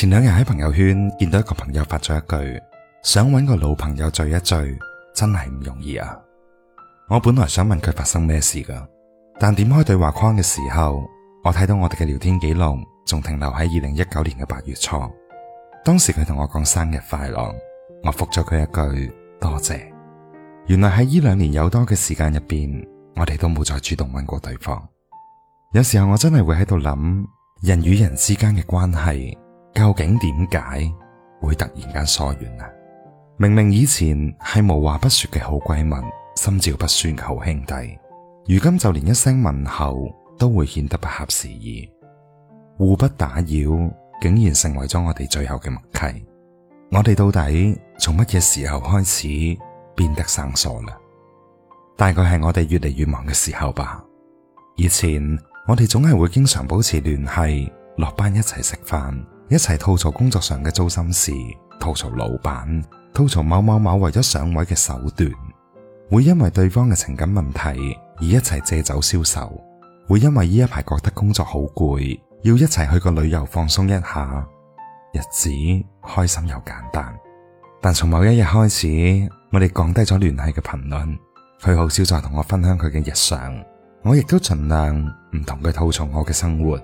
前兩日喺朋友圈見到一個朋友發咗一句，想搵個老朋友聚一聚，真係唔容易啊。我本來想問佢發生咩事㗎，但點開對話框嘅時候，我睇到我哋嘅聊天記錄仲停留喺二零一九年嘅八月初。當時佢同我講生日快樂，我覆咗佢一句多謝。原來喺呢兩年有多嘅時間入邊，我哋都冇再主動搵過對方。有時候我真係會喺度諗，人與人之間嘅關係。究竟點解會突然間疏遠啊？明明以前係無話不說嘅好閨蜜，心照不宣嘅好兄弟，如今就連一聲問候都會顯得不合時宜，互不打擾，竟然成為咗我哋最後嘅默契。我哋到底從乜嘢時候開始變得生疏啦？大概係我哋越嚟越忙嘅時候吧。以前我哋總係會經常保持聯繫，落班一齊食飯。一齊吐槽工作上嘅糟心事，吐槽老闆，吐槽某某某為咗上位嘅手段，會因為對方嘅情感問題而一齊借酒消愁，會因為呢一排覺得工作好攰，要一齊去個旅遊放鬆一下，日子開心又簡單。但從某一日開始，我哋降低咗聯繫嘅頻率，佢好少再同我分享佢嘅日常，我亦都盡量唔同佢吐槽我嘅生活。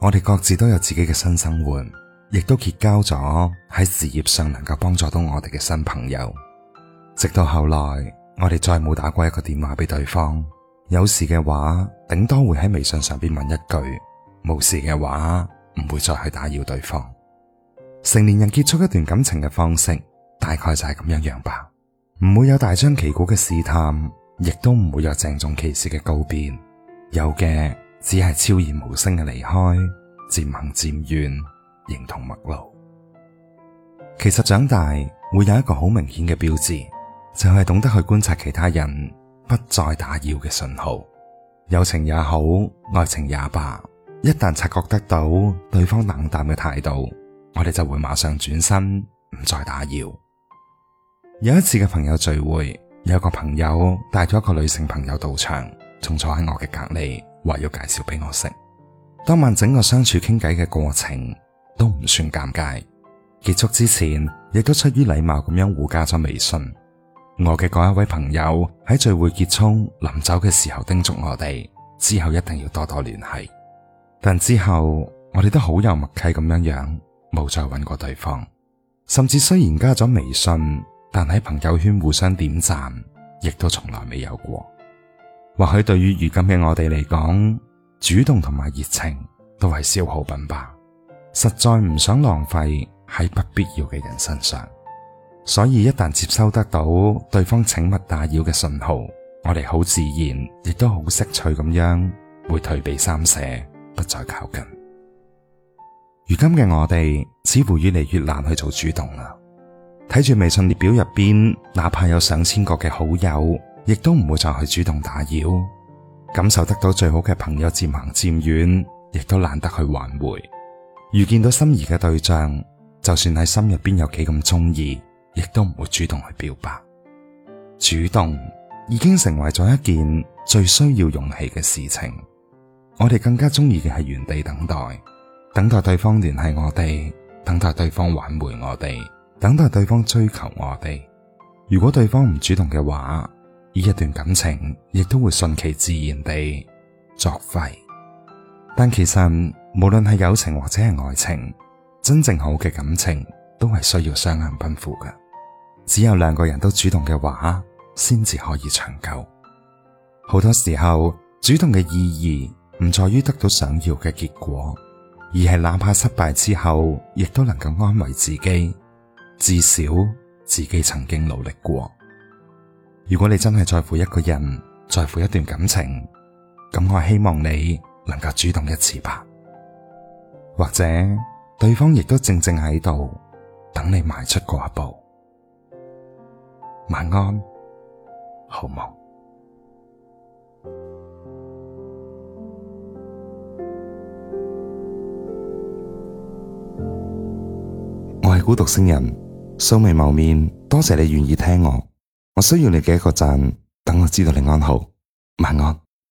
我哋各自都有自己嘅新生活，亦都結交咗喺事業上能夠幫助到我哋嘅新朋友。直到後來，我哋再冇打過一個電話俾對方。有事嘅話，頂多會喺微信上邊問一句；冇事嘅話，唔會再去打擾對方。成年人結束一段感情嘅方式，大概就係咁樣樣吧。唔會有大張旗鼓嘅試探，亦都唔會有鄭重其事嘅告別。有嘅。只係悄然無聲嘅離開，漸行漸遠，形同陌路。其實長大會有一個好明顯嘅標誌，就係、是、懂得去觀察其他人不再打擾嘅信號。友情也好，愛情也罷，一旦察覺得到對方冷淡嘅態度，我哋就會馬上轉身，唔再打擾。有一次嘅朋友聚會，有個朋友帶咗一個女性朋友到場，仲坐喺我嘅隔籬。話要介紹俾我食，當晚整個相處傾偈嘅過程都唔算尷尬，結束之前亦都出於禮貌咁樣互加咗微信。我嘅嗰一位朋友喺聚會結束臨走嘅時候叮囑我哋，之後一定要多多聯繫，但之後我哋都好有默契咁樣樣，冇再揾過對方，甚至雖然加咗微信，但喺朋友圈互相點讚，亦都從來未有過。或許對於如今嘅我哋嚟講，主動同埋熱情都係消耗品吧，實在唔想浪費喺不必要嘅人身上。所以一旦接收得到對方請勿打擾嘅信號，我哋好自然亦都好識趣咁樣會退避三舍，不再靠近。如今嘅我哋似乎越嚟越難去做主動啦。睇住微信列表入邊，哪怕有上千個嘅好友。亦都唔會再去主動打擾，感受得到最好嘅朋友漸行漸遠，亦都懶得去挽回。遇見到心儀嘅對象，就算喺心入邊有幾咁中意，亦都唔會主動去表白。主動已經成為咗一件最需要勇氣嘅事情。我哋更加中意嘅係原地等待，等待對方聯繫我哋，等待對方挽回我哋，等待對方追求我哋。如果對方唔主動嘅話，呢一段感情亦都會順其自然地作廢，但其實無論係友情或者係愛情，真正好嘅感情都係需要雙向奔赴嘅。只有兩個人都主動嘅話，先至可以長久。好多時候，主動嘅意義唔在於得到想要嘅結果，而係哪怕失敗之後，亦都能夠安慰自己，至少自己曾經努力過。如果你真係在乎一個人，在乎一段感情，咁我希望你能夠主動一次吧。或者對方亦都靜靜喺度等你邁出嗰一步。晚安，好夢。我係孤獨星人，素未謀面，多謝你願意聽我。我需要你嘅一個讚，等我知道你安好，晚安。